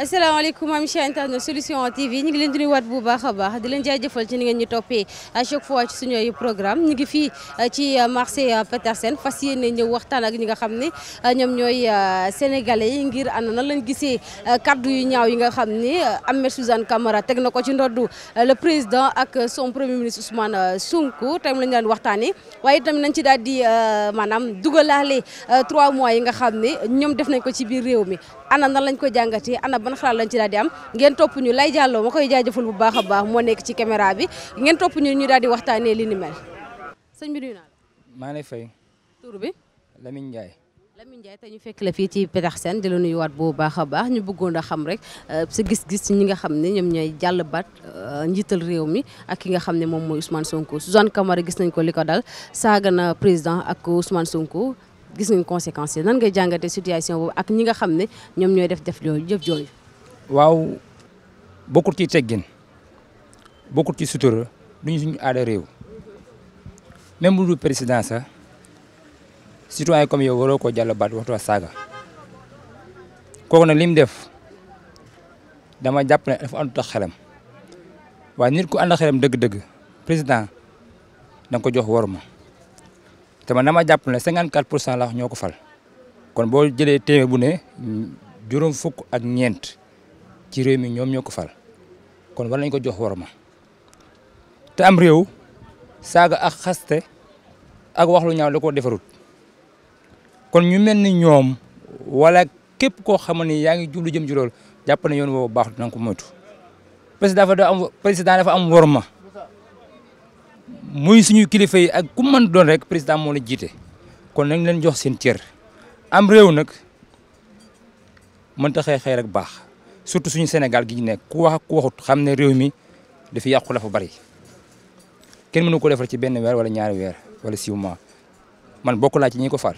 asalaamaaleykum am chers internautes solution TV ñu ngi leen di nuyuwaat bu baax a baax di leen jaajëfal ci ni ngeen ñu toppee à chaque fois ci suñuy programme ñu ngi fii euh, ci euh, marché euh, Petersen fas yéene ñëw waxtaan ak ñi nga xam ne ñoom ñooy sénégalais yi ngir ana nan lañ gisee kaddu yu ñaaw yi nga xam ni Ahmed Suzanne Camara teg na ko ci ndoddu le président ak son premier ministre Ousmane Sonko tam lañu daan waxtaanee waaye itam nañ ci daal di maanaam dugalaale trois mois yi nga xam ne ñoom def nañ ko ci biir réew mi ana nan lañ ko jàngatee ana ban xalaat lañ ci daal am ngeen topp ñu lay jàlloo moo koy jaajëfal bu baax a baax moo nekk ci caméra bi ngeen topp ñu ñu daal di waxtaanee li ni mel. sëñ bi nuyu naa la. maa ngi lay fay. tur bi. Lamine Ndiaye. Lamine Ndiaye te ñu fekk la fii ci Petersen di la nuyuwaat bu baax a baax ñu bëggoon a xam rek euh, sa gis-gis ñi nga xam ne ñoom ñooy jàll baat euh, njiital réew mi ak ki nga xam ne moom mooy Ousmane Sonko Suzanne Camara gis nañ ko li ko dal saaga na président ak Ousmane Sonko gis nañ conséquences yi nan ngay jàngatee situation boobu ak ñi nga xam ne ñoom ñooy def def yooyu jëf jooyu waaw bokkul ci teggin bokkul ci sutura duñu suñu suñ réew même bu dul président sax citoyen comme yow waroo koo jàll baat waxtu saaga kooku nag li mu def dama jàpp ne dafa àndut ak xelam waaye nit ku ànd ak xelam dëgg-dëgg président da ko jox worma te man dama jàpp ne 54 pour cent la ñoo ko fal kon boo jëlee téeméer bu ne juróom fukk ak ñeent ci réew mi ñoom ñoo ko fal kon war nañ ko jox worma te am réew saaga ak xaste ak wax lu ñaaw da ko defarut kon ñu mel ni ñoom wala képp koo xam ne yaa ngi jublu jëm ci loolu jàpp ne yoon woo baax na ko moytu président dafa am worma. muy suñu kilifa yi ak ku mën doon rek président moo la jiite kon nañ leen jox seen cër am réew nag mënta xëy xëy rek baax surtout suñu Sénégal gi ñu nekk ku wax ku waxut xam ne réew mi dafa yàqu la fa bari kenn mënu ko defar ci benn weer wala ñaari weer wala six ma man bokk naa ci ñi ko far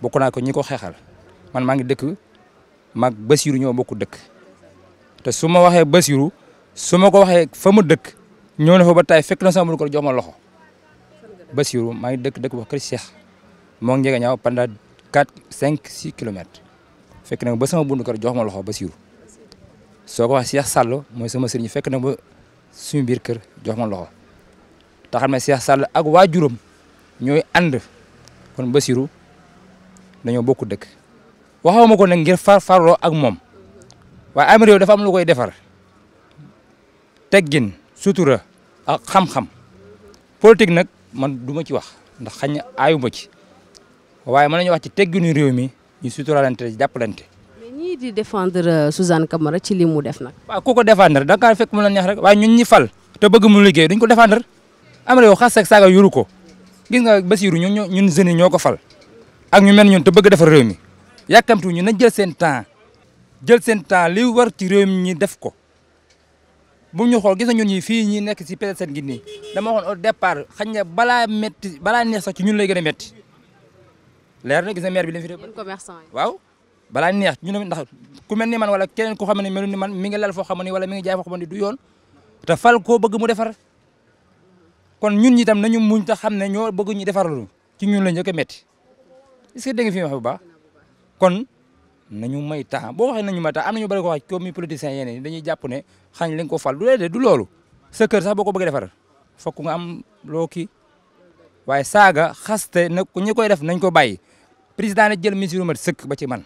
bokk naa ko ñi ko xeexal man maa ngi dëkk maag Basiru ñoo bokk dëkk te su ma waxee Basiru su ma ko waxee fa ma dëkk ñoow na fa ba tay fekk na sama ko jox ma loxo Bassirou maa ngi dëkk dëkk ba kër Cheikh moo ngi njëkk pandaa ñaaw pendant quatre fekk na ba sama buntu kër jox ma loxo Bassirou soo ko wax Cheikh Sall mooy sama sëriñ fekk na ba suñu biir kër jox ma loxo taxam na ne Cheikh Sall ak waajuram ñooy ànd kon Bassirou dañoo bokk dëkk waxaw ma ko nag ngir far farloo ak moom waaye am réew dafa am lu koy defar teggin sutura ak xam-xam nag man du ma ci wax ndax xañ na aayuma ci waaye mën nañu wax ci tegginu réew mi ñu suturalante jàppalante. mais ñii di défendre euh, Suzanne Camara ci li mu def nag. waaw ku ko défendre da nga fekk mu la neex rek waaye ñun ñi fal te bëgg mu liggéey duñ ko défendre am réew xas ak saaga ko gis nga Basirou ñun ñun jeunes ñoo ko fal ak ñu mel ñun te bëgg defar réew mi yàkkamtu ñu na jël seen temps jël seen temps li war ci réew ñu def ko. bu ñu xool gis nañu ñun fii ñi nekk si PDS gi nii dama waxoon au départ xañ na balaa métti balaa neex sax ci ñun lay gën a leer na gis na maire bi li fi def commerçant yi waaw balaa neex ñu ne ndax ku mel ni man wala keneen ku xam ne melu ni man mi ngi lal foo xam ne wala mi ngi jaay foo xam ne du yoon te fal koo bëgg mu defar kon ñun ñi tam nañu muñ te xam ne ñoo bëgg ñu defarlu ci ñun la njëkk a métti est-ce bu baax nañu may temps boo waxee nañu may temps am nañu bëri ko wax comme politiciens yeneen dañuy jàpp ne xañ lañ ko fal du dee du loolu sa kër sax boo ko bëggee defar fokk nga am loo kii waaye saaga xaste na ñi koy def nañ ko bàyyi président jël mesure sëkk ba ci man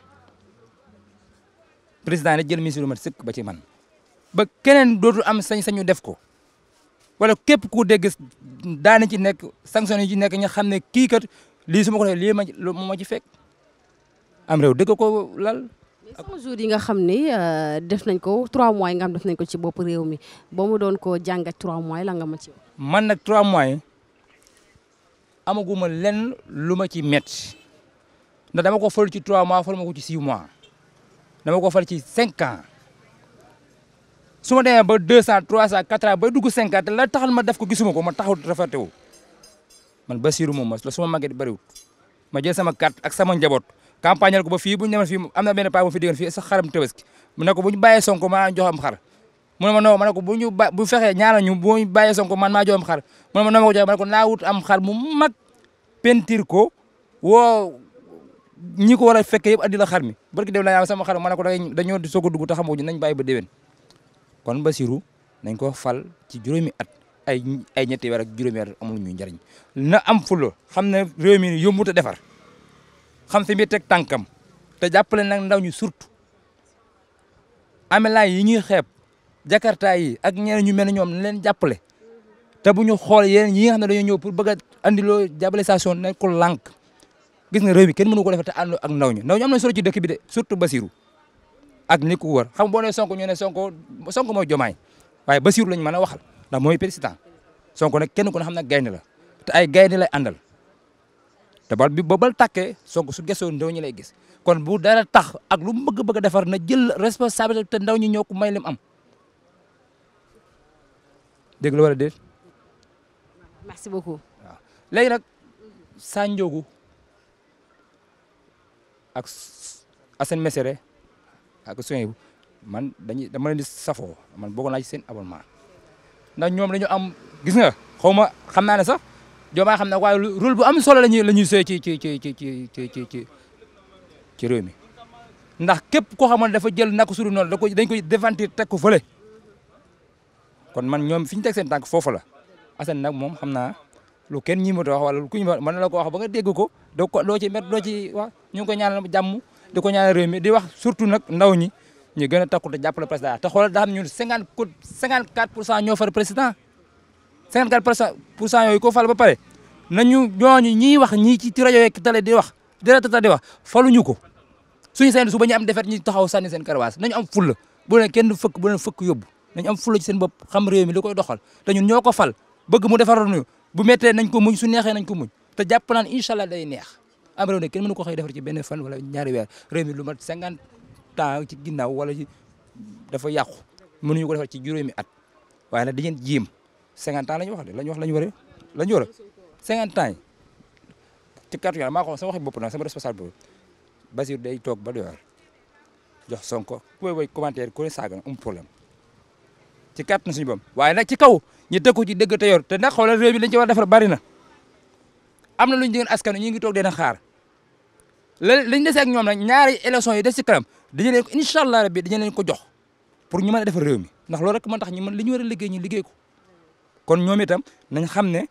président ne jël mesure mat ba ci man ba keneen dootul am sañ-sañu def ko wala képp ku dégg daana ci nekk sanction yi ci nekk ñu xam ne kii kat lii su ma ko defee lii ma ci fekk am réew dëgg ko lal. sama jour yi nga xam ni euh, def nañ ko 3 mois nga xam def nañ ko ci bopp réew mi ba mu doon ko jàngat 3 mois la nga ma ci man nag 3 mois amaguma lenn lu ma ci métti ndax dama ko fal ci 3 mois fal ma ko ci 6 mois dama ko fal ci 5 ans su ma demee ba 200 300 400 ba dugg 5 ans te la taxal ma def ko gisuma ko ma taxul rafetewul man Bassirou moom ma la su ma màggee bariwul ma jël sama carte ak sama njaboot. campagnal ko ba fii bu ñu demoon fii am na benn paa bu fi déggoon fii sax xaram Tabaski mu ko bu ñu bàyyee Sonko maa jox am xar mu ne ma non ma ne ko bu ñu ba bu fexee ñaanal ñu bu ñu bàyyee Sonko man maa jox am xar mu ma non ma ko jox ma ne ko naa wut am xar ko woo ko war a fekkee yëpp andi xar mi barki dem la sama xar ma ne ko dañoo soog dugg te xamoo ñu nañ bàyyi ba kon basiru nañ ko fal ci juróomi at ay ay ñetti weer ak juróomi at amul ñu njariñ na am fulo xam ne réew mi yombut a defar xam fi muy teg tànkam te jàppale nag ndaw ñu surtout amelaay yi ñuy xeeb jakarta yi ak ñeneen ñu mel ne ñoom na leen jàppale te bu ñu xool yeneen yi nga xam ne dañoo ñëw pour bëgg a andiloo diabolisation nañ ko lànk gis nga réew mi kenn mënu ko def te ànd ak ndaw ñu ndaw ñu am nañ solo ci dëkk bi de surtout Basirou ak ni ko wër xam boo nee Sonko ñu ne Sonko Sonko mooy Jomaay waaye Basirou lañ mën a waxal ndax mooy président Sonko nag kenn ku ne xam ne gaynde la te ay gaynde lay àndal. te bal bi ba bal tàkkee Sonko su gesoo ndaw ñi lay gis kon bu dara tax ak lu mu bëgg bëgg defar na jël responsabilité te ndaw ñi ñoo ko may lim am dégg la wala déet. merci beaucoup. nag Sa Ndiogou ak Assane Mesere ak Soyebu man dañuy dama leen di safoo man bokk naa ci seen abonnement ndax ñoom dañu am gis nga xaw ma xam naa ne jomaa xam ne waaye rôle bu am solo la ñuy la ñuy sooy ci ci ci ci ci ci ci ci réew mi ndax képp koo xamoon dafa jël naka suuru noonu da ko dañ koy déventir teg ko fële kon man ñoom fi ñu teg seen tànk foofu la Assane nag moom xam naa lu kenn ñi ma wax wala lu ku ñu mën la ko wax ba nga dégg ko doo ko doo ci met doo ci wax ñu ngi ko ko ñaanal réew wax surtout nag ndaw ñi ñu gën a takku te jàppale président te xoolal daa am ñun cinquante ñoo far président. 54 pour cent pour cent yooyu koo fal ba pare nañu ñooñu ñiy wax ñii ci ci rajo yeeg télé di wax di rajo di wax faluñu ko suñu seen su ba ñu am defet ñu taxaw sànni seen karawaas nañu am fulla bu leen kenn fëkk bu leen fëkk yóbbu nañu am fulla ci seen bopp xam réew mi li koy doxal te ñoo ko fal bëgg mu defaral ñu bu méttee nañ ko muñ su neexee nañ ko muñ te jàpp naan incha allah day neex am ne kenn mënu ko xëy defar ci benn fan wala ñaari weer réew mi lu mat 50 ans ci ginnaaw wala dafa yàqu mënuñu ko defar ci juróomi at waaye nag dañeen jéem 50 ans la ñu wax de la ñu wax la ñu war a la ñu war a 50 ans yi ci kàttu yàlla maa ko sama waxi bopp nag sama responsable boobu Basir day toog ba doyar jox Sonko ku koy woy commentaire ku ne saaga am problème ci kàttu suñu bam waaye nag ci kaw ñu tëkku ci dëgg te yor te nag xoolal réew mi lañ ci war a defar bari na am na lu ñu jëgeen askan wi ñu ngi toog dina xaar léegi li ñu dese ak ñoom nag ñaari élection yi des ci kanam dañu leen ko incha allah rabbi dañu leen ko jox pour ñu mën a defar réew mi ndax loolu rek moo tax ñu mën li ñu war a liggéey ñu liggéey ko kon ñoom itam nañ xam ne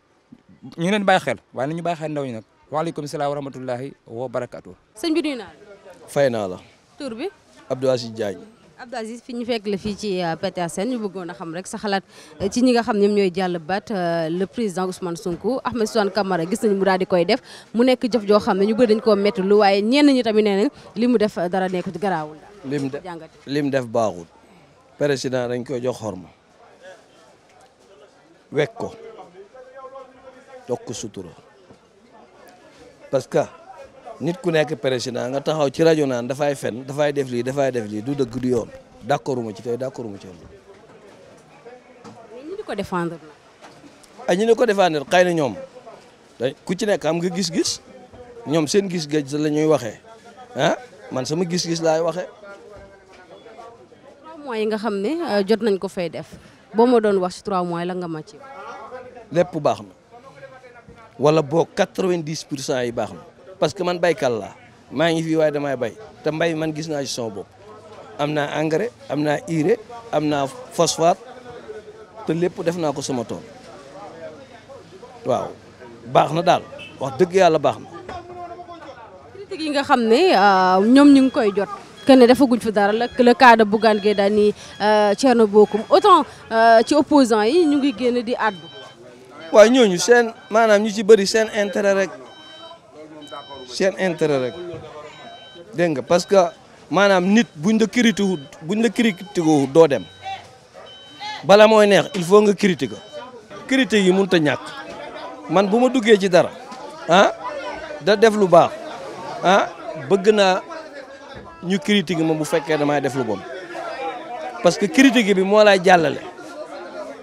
ñu ngi leen bàyyi xel waaye nañu bàyyi xel ndaw ñi nag waaleykum salaam wa rahmatullahi wa barakatuh sëñ bi nuyu naa la fay naa la tur bi Abdou Aziz Diagne Abdou Aziz fi ñu fekk la fii ci euh, Petersen ñu bëggoon a xam rek sa xalaat euh, ci ñi nga xam ñoom ñooy jàll baat euh, le président Ousmane Sonko Ahmed Suzanne Camara gis nañu mu daal di koy def mu nekk jëf joo xam ne ñu bëri dañ koo métti lu waaye ñenn ñu tamit nee nañ li mu def dara nekk nekkut garaawul. lim def lim def baaxul président dañ koy jox ma weg ko yokk sutura parce que nit ku nekk président nga taxaw ci rajo naan dafay fen dafay def lii dafay def lii du dëgg du yoon d'accorduma ci tey d'accorduma ci loolu. mais ñi di ko défendre. ay ah, ko défendre xëy na ñoom ku ci nekk am nga gis-gis ñoom seen gis gej la ñuy waxee ah man sama gis-gis laay waxee. trois yi nga xam ne euh, jot nañ ko fay def. boo moo doon wax si trois mois la nga ma ci lépp baax na wala boo quatre-vingt-dix yi baax na parce que man baykat laa maa ngi fi waaye damay bay te mbay man gis naa ci sama bopp am naa engrais am naa urée am naa phosphate te lépp def naa ko sama tool waaw baax na daal wax dëgg yàlla baax na critique nga xam ne euh, ñoom ñu ngi koy jot que ne dafaguñ fi dara la le cas de gee Gueye Dany euh, Thierno Bocoum autant euh, ci opposants yi ñu ngi génn di àddu. waa ñooñu seen maanaam ñu ci bëri seen intérêt rek seen intérêt rek dégg nga parce que maanaam nit buñ la critiqué wut buñ la critiqué wut doo dem bala mooy neex il faut nga critiqué critique yi mënut a man bu ma duggee ci dara ah da def lu baax ah bëgg naa. ñu critique ma bu fekkee damay def lu bon parce que critique bi moo lay jàllale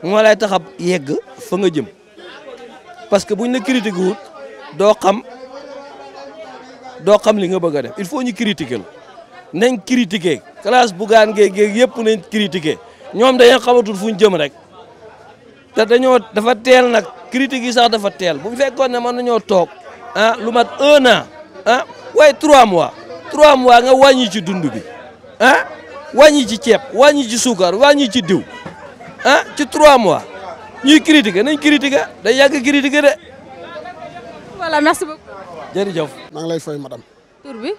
moo lay tax a yegg fa nga jëm parce que buñ la critique wut doo xam doo xam li nga bëgg a def il faut ñu critiquer la nañ critiquer classe bu gaan géeg géeg yëpp nañ critiquer ñoom dañoo xamatul fu ñu jëm rek te dañoo dafa teel nag critique yi sax dafa teel bu fekkoon ne mën nañoo toog ah lu mat un an ah waaye trois mois trois mois nga wàññi ci dund bi ah wàññi ci ceeb wàññi ci suukar wàññi ci diw ah ci trois mois ñuy critiquer nañ critiquer day yàgg critiquer de. voilà merci beaucoup. jërëjëf. maa ngi lay fay madame. tur bi.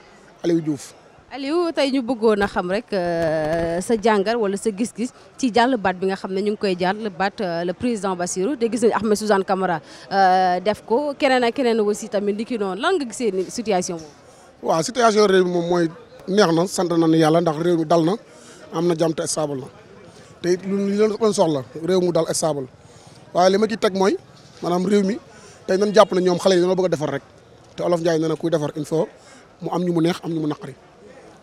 Aliou Diouf. Aliou tey ñu bëggoon a xam rek euh, sa jàngar wala sa gis-gis ci jàll baat bi nga xam ne ñu ngi koy jàll baat euh, le président Bassirou de gis na Ahmed Suzanne Camara euh, def ko keneen ak keneen aussi tamit li ki noonu lan nga gisee situation boobu. waaw situation réew mi moom mooy neex na sant nañu yàlla ndax réew mi dal na am na jàmm te stable na te it lu ñu leen soxla réew mu dal stable waaye li ma ciy teg mooy maanaam réew mi tey nañ jàpp ne ñoom xale yi dañoo bëgg defar rek te olof Ndiaye nee na kuy defar il faut mu ñu mu neex am ñu mu naqari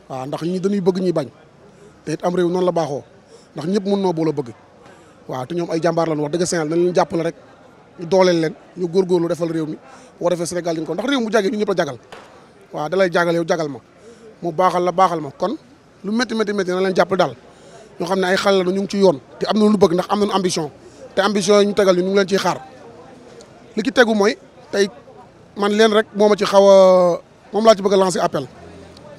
waaw ndax ñi dañuy bëgg ñuy bañ te it am réew noonu la baaxoo ndax ñëpp mën noo boole bëgg waaw te ñoom ay jàmbaar lañ wax dëgg Sénégal nañ leen jàppale rek ñu dooleel leen ñu góor góorgóorlu defal réew mi boo defee Sénégal di ko ndax réew mu jagee ñu ñëpp la jagal waaw dalay jagal yow jagal ma mu baaxal la baaxal ma kon lu métti métti métti na leen jàpp daal ñoo xam ne ay xale la ñu ngi ci yoon te am na lu bëgg ndax am nañu ambition te ambition yi ñu tegal ñu ngi leen ciy xaar li ci tegu mooy tey man leen rek moo ma ci xaw a moom laa ci bëgg a lancer appel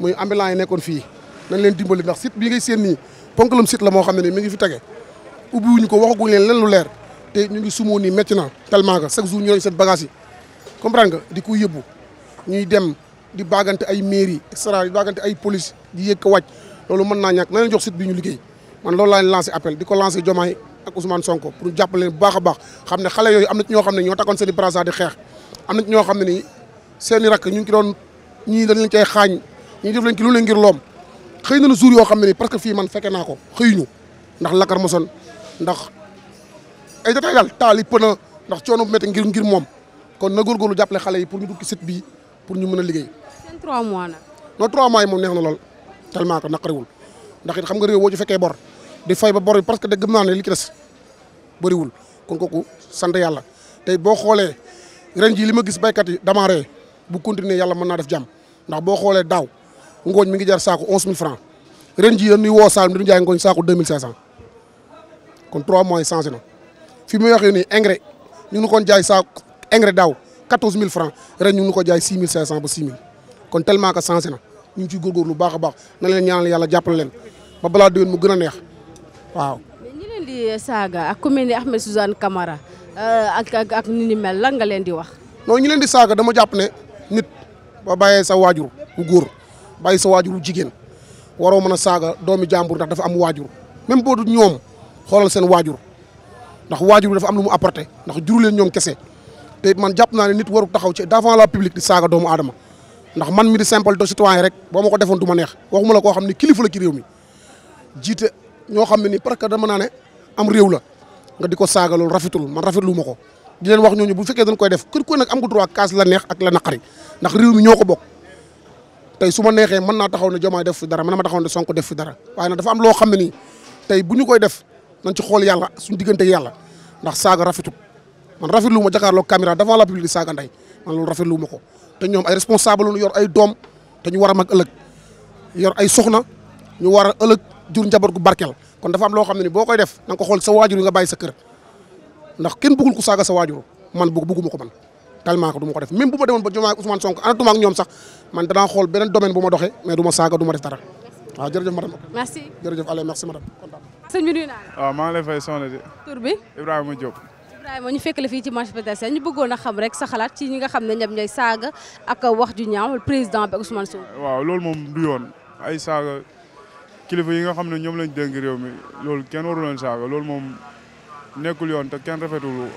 muy ambulants nekkoon fii nañ leen dimbali ndax site bii ngay seen nii ponkalum site la moo xam ne nii mi ngi fi tege ubbi wuñ ko waxaguñ leen leen lu leer te ñu ngi sumoo nii métti na tellement que chaque jour ñu seen bagage comme comprendre nga di ko yóbbu ñuy dem. di baagante ay mairie et cetera di baagante ay police di yëg ko loolu mën naa ñàkk na jox site bi ñu liggéey man loolu laa leen lancé appel di ko lancé Diomaye ak Ousmane Sonko pour jàppale leen bu baax a baax xam ne xale yooyu am na ñoo xam ne ñoo takkoon seen i brassard di xeex am na ñoo xam ne nii seen i rakk ñu ngi ci doon ñii dañ leen cay xaañ ñii def leen ci lu leen ngir loom xëy na jour yoo xam ne nii parce que fii man fekke naa ko xëyuñu ndax lakkar moson ndax ay détails daal yi pëna ndax coono bu métti ngir ngir moom kon na góorgóorlu jàppale xale yi pour ñu dugg ci bi pour ñu mën a liggéey. seen 3 mois nag. non 3 moom neex na lool tellement que naqariwul ndax it xam nga réew boo ci fekkee bor di fay ba bor parce que gëm naa ne li ci des bëriwul kon kooku sant yàlla tey boo xoolee ren jii li ma gis baykat yi démarré bu continuer yàlla mën naa def jàmm ndax boo xoolee daaw ngooñ mi ngi jar saako 11000 francs ren jii dañuy woo Saalum di jaay ngooñ saako 2500 kon trois mois yi changé na fi muy waxee nii engrais ñu ngi koon jaay saako engrais daaw. mille francs ren ñu ngi ko jaay 6500 ba 6000 kon tellement que changé na ñu ngi ciy góorgóorlu baax a baax na leen ñaanal yàlla jàppale leen ba balaa déwén mu gën a neex waaw. mais ñi di saaga ak ku mel ni Ahmed Suzanne Camara euh, ak ak ak ni ni lan nga leen di wax. non ñi leen di saaga dama jàpp ne nit ba bàyyee sa waajur bu góor bàyyi sa waajur bu jigéen waroo mën a saaga doomi jàmbur ndax dafa am waajur même boo du ñoom xoolal seen waajur ndax waajur dafa am lu mu apporté ndax juru leen ñoom kese. te man jàpp naa ne nit waru taxaw ci devant la public di saaga doomu ndax man mi di simple de citoyen rek boo ma ko defoon du ma neex waxuma la koo xam ne kilifa la ci réew mi ñoo xam ne nii parce que dama naa ne am réew la nga di ko saaga loolu rafetul man ko di leen wax ñooñu bu fekkee dañ koy def kër ku nag am nga droit kaas la ak la naqari ndax réew mi ko bokk tey su ma neexee mën naa taxaw ne Diomaye def fi dara mën na ma Sonko def fi dara waaye nag dafa am loo xam ne nii tey bu ñu koy def nañ ci xool yàlla suñu diggante yàlla ndax saaga rafetul man rafetlu ma jàkkaarloog caméra devant la public di saaga ndey man loolu rafetlu ma ko te ñoom ay responsable lu yor ay doom te ñu war a mag ëllëg yor ay soxna ñu war a ëllëg jur njaboot gu barkeel kon dafa loo xam ne ni boo koy def na nga xool sa waajur yi nga bàyyi sa kër ndax kenn bëggul ku saaga sa waajur man bëgg ko man tellement que du ma ko def même bu ma demoon ba jumaa ak Ousmane Sonko anatuma ak ñoom sax man danaa xool beneen domaine bu ma doxee mais du ma saaga du ma def dara jërëjëf madame. merci jërëjëf Allé merci madame kontaan. sëñ la. waaw ah, bi Ibrahima Diop. Ibrahima ñu fekk la ci marché pédestre ñu bëggoon a xam rek sa xalaat ci ñi nga xam ne ñoom ñooy saaga ak wax ju ñaaw président bi Ousmane Sonko. waaw loolu moom du yoon ay saaga kilifa yi nga xam ne ñoom lañ dénk réew mi loolu kenn waru leen saaga loolu moom nekkul yoon te kenn rafetul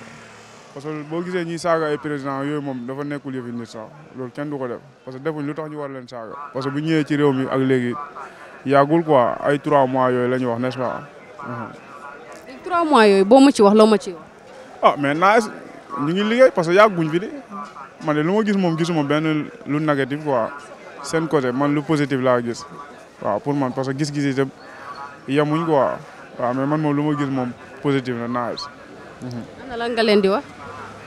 parce que boo gisee ñuy saaga ay président yooyu moom dafa nekkul yëfi nit sax loolu kenn du ko def parce que defuñ lu tax ñu war leen saaga. parce que bu ñëwee ci réew mi ak léegi yàggul ko ay trois mois yooyu la ñu wax n'est-ce pas. 3 mois yooyu boo ma wax loo ma ah mais naa ñu ngi liggéey parce que yàgguñ fi de man de lu ma gis moom gisuma benn lu négatif quoi seen côté man lu positif laa gis waaw pour man parce que gis-gis yi tam yemuñ quoi waaw mais man moom lu ma gis moom positif na naa mhm. ana lan nga leen di wax.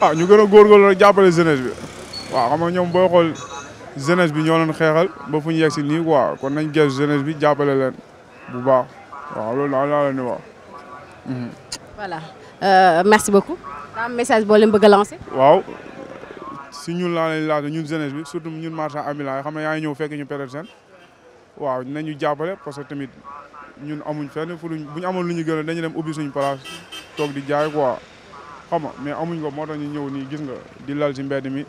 ah ñu gën a góorgóorlu rek jàppale jeunesse bi waaw xam nga ñoom booy xool jeunesse bi ñoo leen xeexal ba fu ñu si nii quoi kon nañ gees jeunesse bi jàppale leen bu baax waaw loolu daal laa la di wax. Mhm. Euh, merci beaucoup. daa am message boo leen a lancer. waaw si ñun laa leen laaj ñun jeunesse bi surtout ñun marcha amila yi xam ne yaa ngi ñëw fekk ñu période seen waaw nañu jàppale parce que tamit ñun amuñ fenn fu luñ bu ñu amoon lu ñu gën a dañu dem ubbi suñu place toog di jaay quoi xam mais amuñ ko moo tax ñu ñëw nii gis nga di lal si mbedd mi.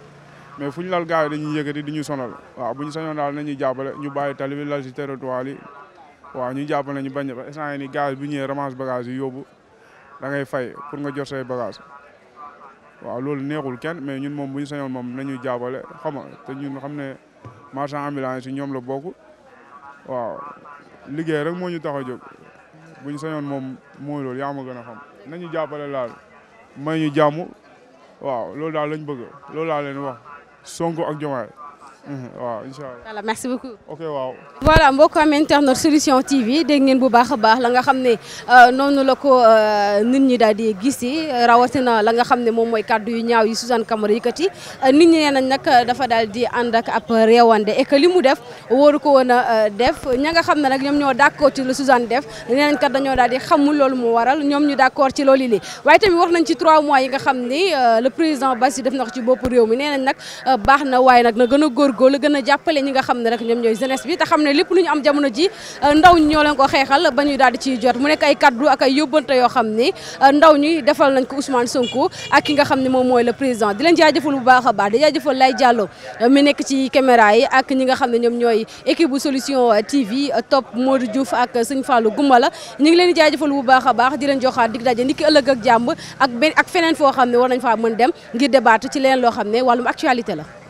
mais fu ñu lal gars yi dañuy yëkkati di ñu sonal waaw bu ñu sañoon daal nañuy jàppale ñu bàyyi tali bi lal si territoire yi waaw ñu jàppale ñu bañ a ba instant yii nii gaz bi ñëwee ramasse bagage yoobu da ngay fay pour nga jot say bagage waaw loolu neexul kenn mais ñun moom bu ñu sañoon moom nañu jaabale xam nga te ñun xam ne marchand ambulant si ñoom la bokk waaw liggéey rek moo ñu tax a jóg bu ñu sañoon moom mooy loolu yaa ma gën a xam nañu jàppale laal may ñu jàmm waaw loolu daal lañ bëgg loolu daal leen wax Sonko ak Diomaye Mm-hmm. waaw incha allah voilà merci beaucoup. ok waaw. voilà mbokk am internet solution TV dégg ngeen bu baax a baax la nga xam ne euh, noonu la ko euh, nit ñi daal di gisi rawatina la nga xam ne moom mooy kaddu yu ñaaw yi Suzanne Camara yëkkati euh, nit ñi nee nañ nag dafa daal di ànd ak ab réewande et li mu def wóoru ko woon a def ña nga xam ne nag ñoom ñoo d'accord ci la Suzanne def nee nañ daal di xamul loolu mu waral ñoom ñu d'accord ci loolu li waaye tamit wax nañ ci trois mois yi nga xam ni le président Bassirou def na ko ci bopp réew mi nee nañ nag baax na waaye nag na gën a góor góorgóor la gën a jàppale ñi nga xam ne rek ñoom ñooy jeunesse bi te xam ne lépp lu ñu am jamono ji euh, ndaw ñi ñoo leen ko xeexal ba ñuy daal di ciy jot mu nekk ay kaddu ak ay yóbbante yo xam ne euh, ndaw ñi defal nañ ko Ousmane Sonko ak ki nga xam ne moom mooy la président di leen jaajëfal bu baax a baax di jaajëfal Lay Diallo euh, mi nekk ci caméra yi ak ñi nga xam ne ñoom ñooy équipe bu solution TV top Modou Diouf ak Sëñ Fallou la ñu ngi leen di jaajëfal bu baax a baax di leen joxaat dig daje niki ëllëg ak jàmm ak benn ak feneen foo xam ne war nañ faa mën dem ngir débattre ci leneen loo xam ne wàllum actualité la